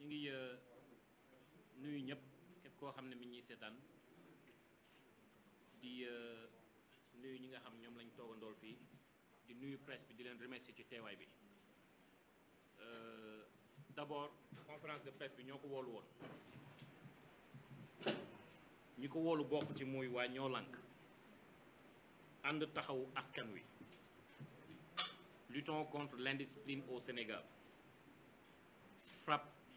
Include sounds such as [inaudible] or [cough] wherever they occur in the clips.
ñu ngi euh, nuyu ñëpp képp koo xam ne mi ñuy seetaan di euh, nuyu ñi nga xam ñoom lañ toogandool fii di nuyu presse bi di leen remercier ci teewaay bi euh, d' abord conférence de presse bi ñoo ko woolu woon ñi ko woolu bokk ci muy waa ñoo lànk ànd taxawu askan wi luttons contre l'indiscipline au Sénégal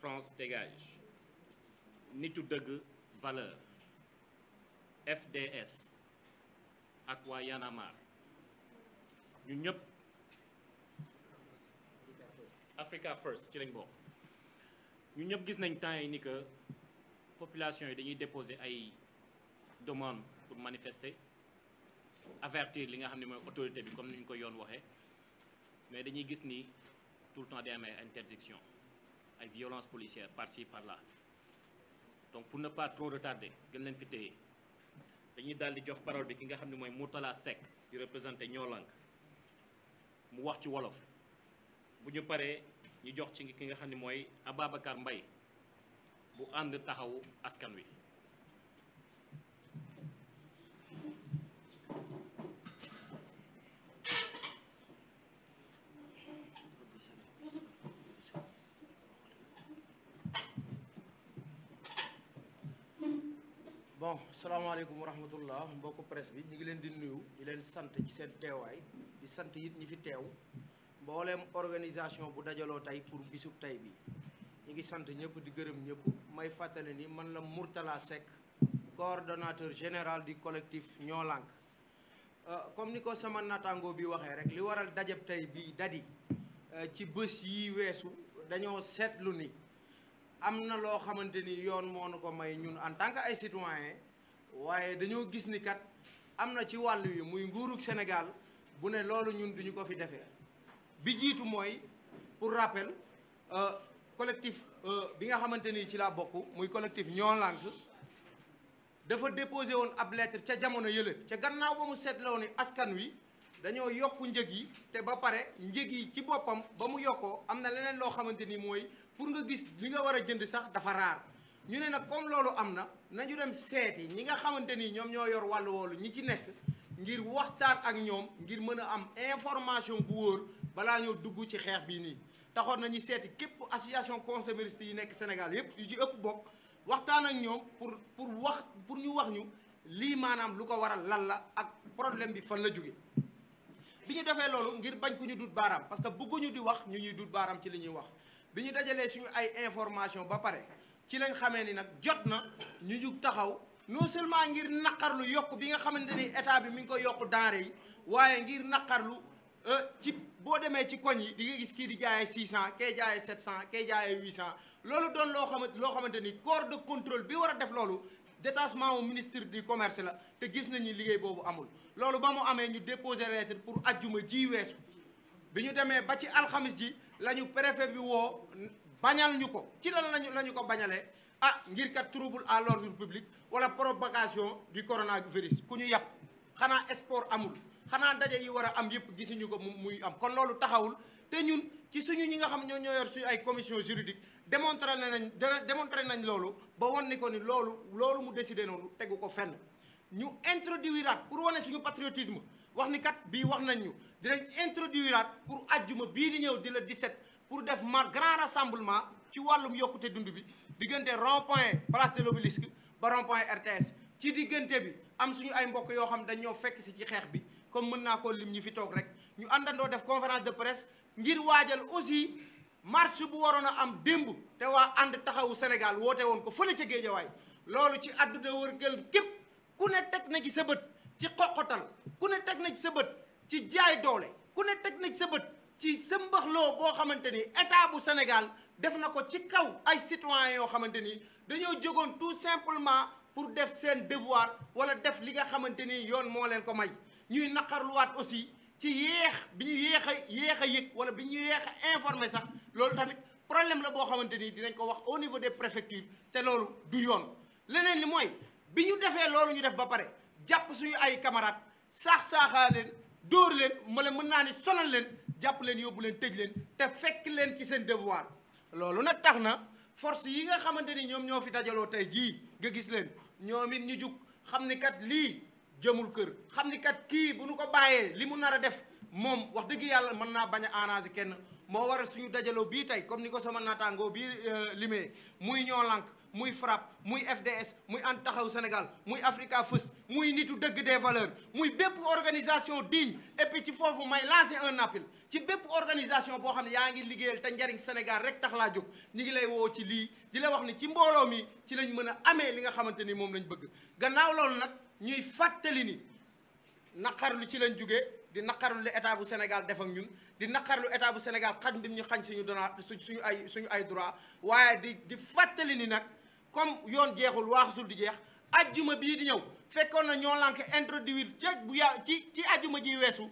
France dégage nitu deug valeur FDS ak Yanamar, Africa First ci lañ bokk ñu ñëpp gis nañ temps ni que population yi dañuy déposer ay demande pour manifester avertir les autorités, xamni moy autorité bi comme ni ñu ko yoon mais dañuy gis tout le temps y a une interdiction ay violence policière par-ci par-là donc pour ne pas trop retarder gën leen fi téye dañuy daal di jox parole bi ki nga xam ne mooy Mourtala Seck di représenté Noo Lank mu wax ci wolof bu ñu paree ñu jox ci ki nga xam ne mooy Ababacar Mbaye bu ànd taxawu askan wi Assalamualaikum warahmatullah rahmatullah mbokku presse bi ñu ngi leen di nuyu di leen sant ci seen teewaay di sant it ñi fi teew mbooleem organisation bu dajaloo tey pour bisub general bi ngi di kolektif ñëpp may fàttale ni man la Mourtala Seck coordonnateur général du collectif ñoo lànk euh, comme ni sama naataango bi waxee rek li waral dajab bi dadi euh, ci bés yi weesu dañoo seetlu ni am na loo yoon ko may ñun en tant que ay waaye dañoo gis ni kat am na ci wàll wi muy nguuru Sénégal bu ne loolu ñun duñu ko fi defee bi jiitu mooy pour rappel euh, collectif euh, bi nga xamante ni ci laa bokk muy collectif ñoo lànk dafa déposé woon ab lettre ca jamono yële ca gannaaw ba mu seetloo ni askan wi dañoo yokk njëg yi te ba pare njëg yi ci boppam ba mu yokkoo am na leneen loo xamante ni mooy pour nga gis li nga war a jënd sax dafa raar ñu ne nag comme loolu am na nañu dem seeti ñi nga xamante ni ñoom ñoo yor wàllu woolu ñi ci nekk ngir waxtaan ak ñoom ngir mën a am information bu wóor balaa ñoo dugg ci xeex bii nii taxoon nañu seeti képp association consumériste yi nekk Sénégal yëpp yu ci ëpp bokk waxtaan ak ñoom pour pour wax pour ñu wax ñu lii maanaam lu ko waral lan la ak problème bi fan la jóge bi ñu defee loolu ngir bañ ku ñu dut baaraam parce que bëgguñu di wax ñu ñuy dut baaraam ci li ñuy wax bi ñu dajalee suñu ay information ba pare ci lañ xamee ni nag jot na ñu jug taxaw non seulement ngir naqarlu yokk bi nga xamante ni état bi mi ngi ko yokk denrée yi waaye ngir naqarlu euh, ci boo demee ci koñ yi di nga gis kii di ke 600 kee jaayee 700 kee jaayee 800 loolu doon loo xamante loo xamante ni corps de contrôle bi war a def loolu détachement wu ministre du commerce la te gis nañu liggéey boobu amul. loolu ba mu amee ñu déposé lettre pour ajjuma ji weesu bi ñu demee ba ci alxamis ji la ñu préfet bi woo. bañal ñu ko ci lan lañu lañu ko bañalee ah ngir kat trouble à l'ordre public wala propagation du coronavirus ku ñu yàpp sport amul xanaa ndaje yi wara a am yëpp gisuñu ko muy am kon loolu taxawul te ñun ci suñu ñi nga xam ñoo ñoo yor suñu ay commission juridique démontré nañ démontré nañ loolu ba won ni ko ni loolu loolu mu décidé noonu tegu fenn ñu introduiraat pour wane suñu patriotisme wax ni kat bii wax nañ ñu dinañ introduiraat pour ajjuma bii di ñëw di 17 pour def mar grand rassemblement ci wàllum yokkute dund bi diggante rond point place de l'obélisque ba rond RTS ci diggante bi am suñu ay mbokk yoo xam dañ ñoo fekk si ci xeex bi comme mën naa koo lim ñi fi toog rek ñu àndandoo def conférence de presse ngir waajal aussi marche bu waroon a am démb te waa ànd taxawu Sénégal woote woon ko fële ca géejawaay loolu ci àdduna wërgël képp ku ne teg na ci sa bët ci xoqotal ku ne teg na ci sa bët ci jaay doole ku ne teg na ci ci sëmbaxloo boo xamante ni état bu Sénégal def na ko ci kaw ay citoyens yoo xamante ni dañoo jógoon tout simplement pour def seen devoir wala def li nga xamante ni yoon moo leen ko may ñuy naqarluwaat aussi ci yéex bi ñu yéex a yéex a yëg wala bi ñu yéex a informé sax loolu tamit problème la boo xamante ni dinañ ko wax au niveau des préfectures te loolu du yoon leneen li mooy bi ñu defee loolu ñu def ba pare jàpp suñu ay camarades saax saaxaa dóor leen mala mën naa ni sonal leen jàpp leen yóbbu leen tëj leen te fekk leen ci seen devoir loolu nag tax na force yi nga xamante ni ñoom ñoo fi dajaloo tey jii nga gis leen ñoom ñu jug xam ni kat lii jëmul kër xam ni kat kii bu nu ko bàyyee li mu nar a def moom wax dëgg yàlla mën naa bañ a arranger kenn moo waral suñu dajaloo bii tey comme ni ko sama naataangoo bii euh, limee muy ñoo lànk muy FRAPP muy FDS muy ànd taxaw Sénégal muy Africa First muy nitu dëgg des valeurs muy bépp organisation digne ci foofu may lancer un appel ci bépp organisation boo xam ne yaa ngi liggéeyal te njariñ Sénégal rek tax laa jóg ñu ngi lay woo ci lii di la wax ni ci mbooloo mi ci lañ mën a amee li nga xamante ni moom lañ bëgg gannaaw loolu nag ñuy fàttali ni naqarlu ci lañ jóge di naqarlu li état bu Sénégal def ak ñun di naqarlu état bu Sénégal xañ bi ñu xañ suñu dona suñu ay suñu ay droit waaye di di fàttali ni nag comme yoon jeexul waaxasul di jeex ajjuma bii di ñëw fekkoon na ñoo lank introduire ca bu ya ci ci ajjuma ji weesu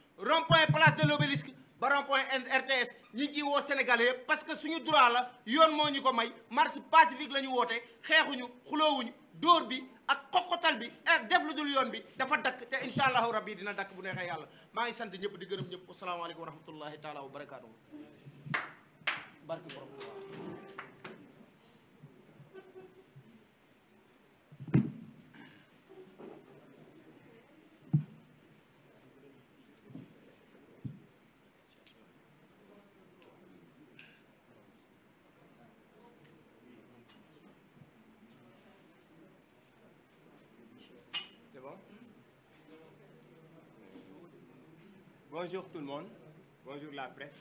rond point place de l'obélisque ba rond RTS ñi ngi ciy woo Sénégalais yëpp parce que suñu droit la yoon moo ñu ko may marche pacifique la ñu woote xeexuñu xuloowuñu dóor bi ak xoqotal bi ak def lu dul yoon bi dafa dakk te incha allahu rabbi dina dakk bu neexee yàlla maa ngi sant ñëpp di gërëm ñëpp wasalaamaaleykum wa rahmatullahi taala wa barakaatu barki borom Bonjour tout le monde, bonjour la presse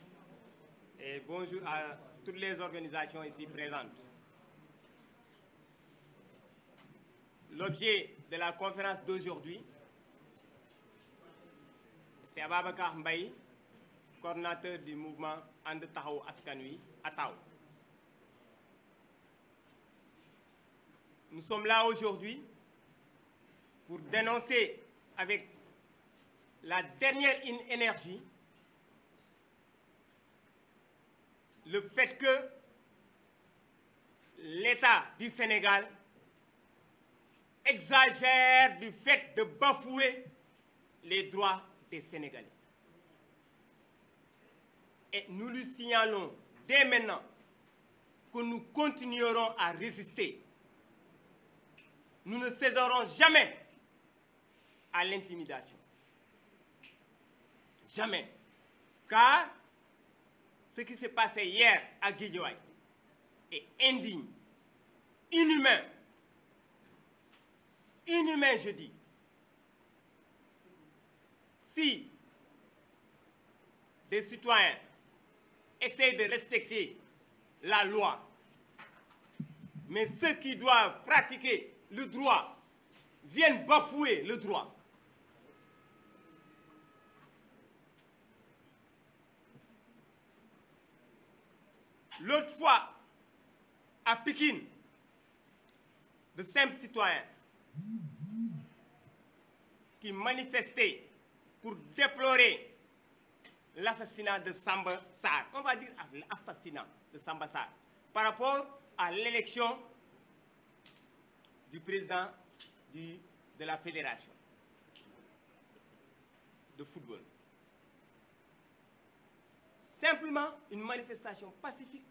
et bonjour à toutes les organisations ici présentes. L'objet de la conférence d'aujourd'hui, c'est Ababakar Mbaye, coordinateur du mouvement Ande Tahou Askanui, Tao. Nous sommes là aujourd'hui pour dénoncer avec la dernière énergie, le fait que l'État du Sénégal exagère du fait de bafouer les droits des Sénégalais. Et nous lui signalons dès maintenant que nous continuerons à résister. Nous ne céderons jamais à l'intimidation jamais. Car ce qui s'est passé hier à Guédiouaï est indigne, inhumain. Inhumain, je dis. Si des citoyens essayent de respecter la loi, mais ceux qui doivent pratiquer le droit viennent bafouer le droit. L'autre fois, à Pékin, de simples citoyens qui manifestaient pour déplorer l'assassinat de Samba Sar. On va dire l'assassinat de Samba Sar par rapport à l'élection du président de la fédération de football simplement une manifestation pacifique.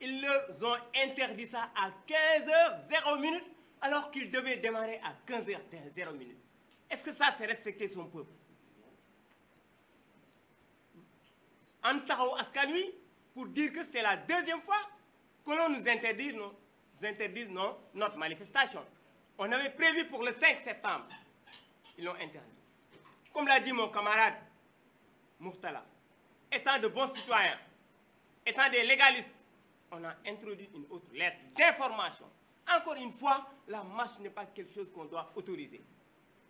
Ils leur ont interdit ça à 15 h 00 alors qu'ils devaient démarrer à 15 h 00 Est-ce que ça, c'est respecter son peuple Antaro Askanui, pour dire que c'est la deuxième fois que l'on nous interdit, notre manifestation. On avait prévu pour le 5 septembre. Ils l'ont interdit. Comme l'a dit mon camarade Murtala, étant de bons citoyens, étant des légalistes, on a introduit une autre lettre d'information. Encore une fois, la marche n'est pas quelque chose qu'on doit autoriser.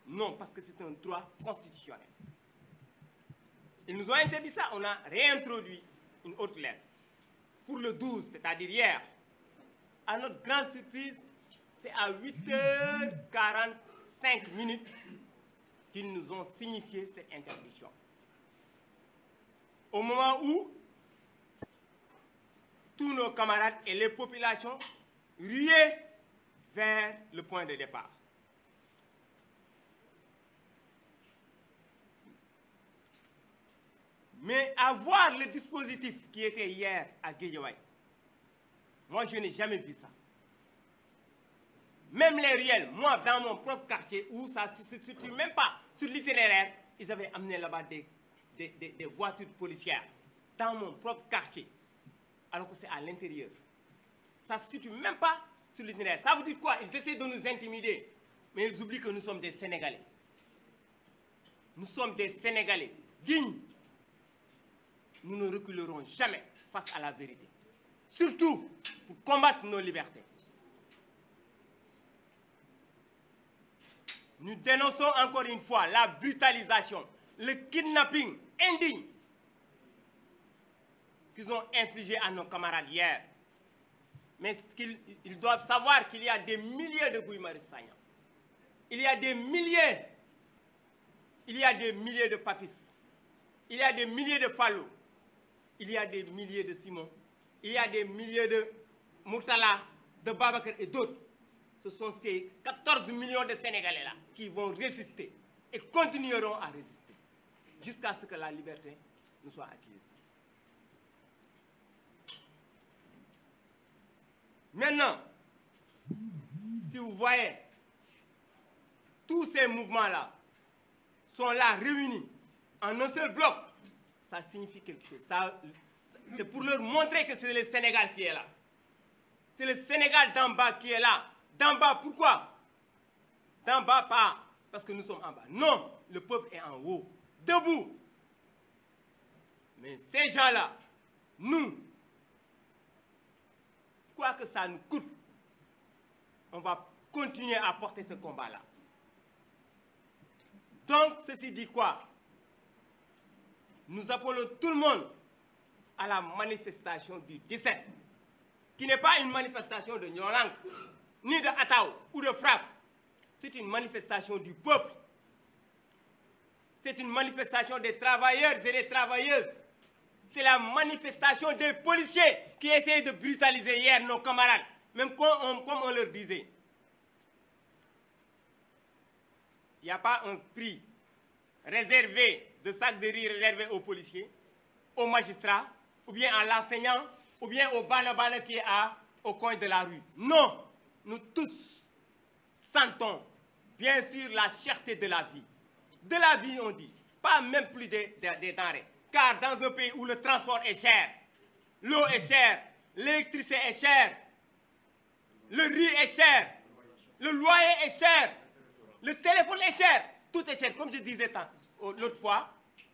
Non, parce que c'est un droit constitutionnel. Ils nous ont interdit ça, on a réintroduit une autre lettre. Pour le 12, c'est-à-dire hier, à notre grande surprise, c'est à 8h45 minutes qu'ils nous ont signifié cette interdiction au moment où tous nos camarades et les populations riaient vers le point de départ. Mais avoir le dispositif qui était hier à Guédiawaye, moi je n'ai jamais vu ça. Même les réels, moi dans mon propre quartier où ça ne se situe même pas sur l'itinéraire, ils avaient amené là-bas des des, voitures policières dans mon propre quartier, alors que c'est à l'intérieur. Ça ne se situe même pas sur l'itinéraire. Ça veut dire quoi Ils essaient de nous intimider, mais ils oublient que nous sommes des Sénégalais. Nous sommes des Sénégalais dignes. Nous ne reculerons jamais face à la vérité. Surtout pour combattre nos libertés. Nous dénonçons encore une fois la brutalisation, le kidnapping indigne qu'ils ont infligé à nos camarades hier. Mais ils, doivent savoir qu'il y a des milliers de Guimarães Il y a des milliers, il y a des milliers de Papis. Il y a des milliers de Fallou. Il y a des milliers de Simon. Il y a des milliers de Murtala, de Babaker et d'autres. Ce sont ces 14 millions de Sénégalais-là qui vont résister et continueront à résister jusqu'à ce que la liberté nous soit acquise. Maintenant, si vous voyez, tous ces mouvements-là sont là réunis en un seul bloc, ça signifie quelque chose. c'est pour leur montrer que c'est le Sénégal qui est là. C'est le Sénégal d'en bas qui est là. D'en bas, pourquoi D'en bas, pas parce que nous sommes en bas. Non, le peuple est en haut debout. Mais ces gens-là, nous, quoi que ça nous coûte, on va continuer à porter ce combat-là. Donc, ceci dit quoi Nous appelons tout le monde à la manifestation du 17, qui n'est pas une manifestation de Nyolang, ni de Atao ou de Frappe. C'est une manifestation du peuple c'est une manifestation des travailleurs et des travailleuses. C'est la manifestation des policiers qui essayaient de brutaliser hier nos camarades, même comme on, leur disait. Il n'y a pas un prix réservé de sac de riz réservé aux policiers, aux magistrats, ou bien à l'enseignant, ou bien au banabana qui est au coin de la rue. Non, nous tous sentons bien sûr la cherté de la vie de la vie, on dit, pas même plus des denrées. Car dans un pays où le transport est cher, l'eau est chère, l'électricité est chère, le riz est cher, le loyer est cher, le téléphone est cher, tout est cher. Comme je disais oh, l'autre fois,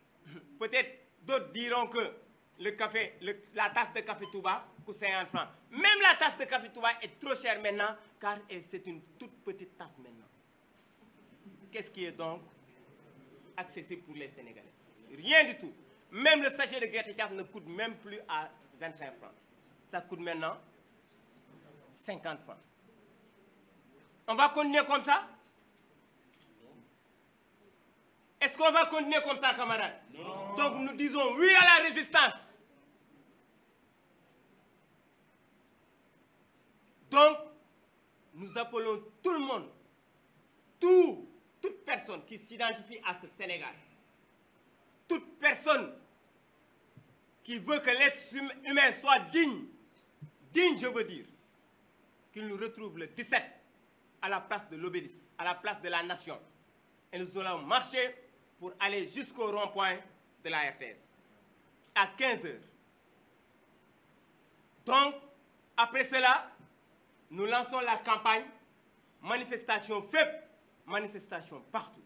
[laughs] peut-être d'autres diront que le café, la tasse de café bas coûte 50 francs. Même la tasse de café Touba est trop chère maintenant, car c'est une toute petite tasse maintenant. Qu'est-ce qui est donc accessible pour les Sénégalais. Rien du tout. Même le sachet de guerre ne coûte même plus à 25 francs. Ça coûte maintenant 50 francs. On va continuer comme ça Est-ce qu'on va continuer comme ça, camarades Donc nous disons oui à la résistance. Donc, nous appelons tout le monde, tout personne qui s'identifie à ce Sénégal, toute personne qui veut que l'être hum-, humain soit digne, digne je veux dire, qu'il nous retrouve le 17 à la place de l'obélisque, à la place de la nation. Et nous allons marcher pour aller jusqu'au rond-point de la RTS, à 15 h Donc, après cela, nous lançons la campagne manifestation faible manifestations partout,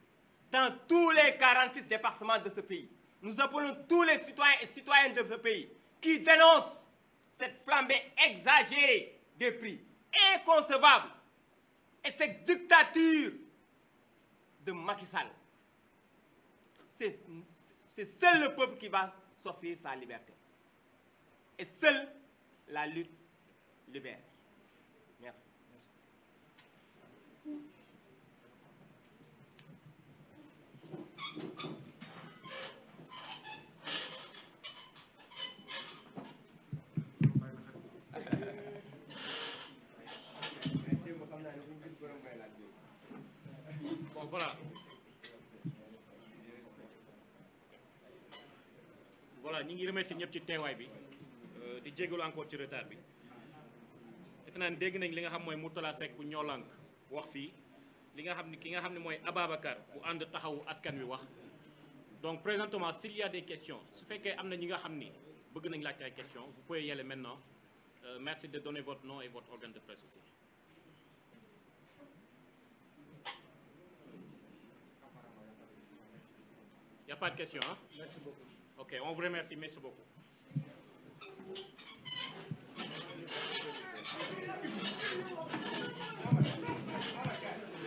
dans tous les 46 départements de ce pays. Nous appelons tous les citoyens et citoyennes de ce pays qui dénoncent cette flambée exagérée des prix, inconcevable, et cette dictature de Macky Sall. C'est seul le peuple qui va s'offrir sa liberté. Et seule la lutte libère. बोला voilà ñi ngi remercier ñëpp ci teewaay bi euh, di jégalu encore ci retard bi defe naa ne dégg nañ li nga xam mooy Mourtala Seck bu ñoolank wax fii li nga xamni ki nga xamni moy ababakar bu and taxawu askan wi wax donc présentement s'il y a des questions su fekke amna ñi nga xamni ni bëgg nañ laajte ay questions vous pouvez y aller maintenant euh, merci de donner votre nom et votre organe de presse aussi. Il n'y a pas de question hein? Merci beaucoup. Ok, on vous remercie, merci beaucoup. Merci.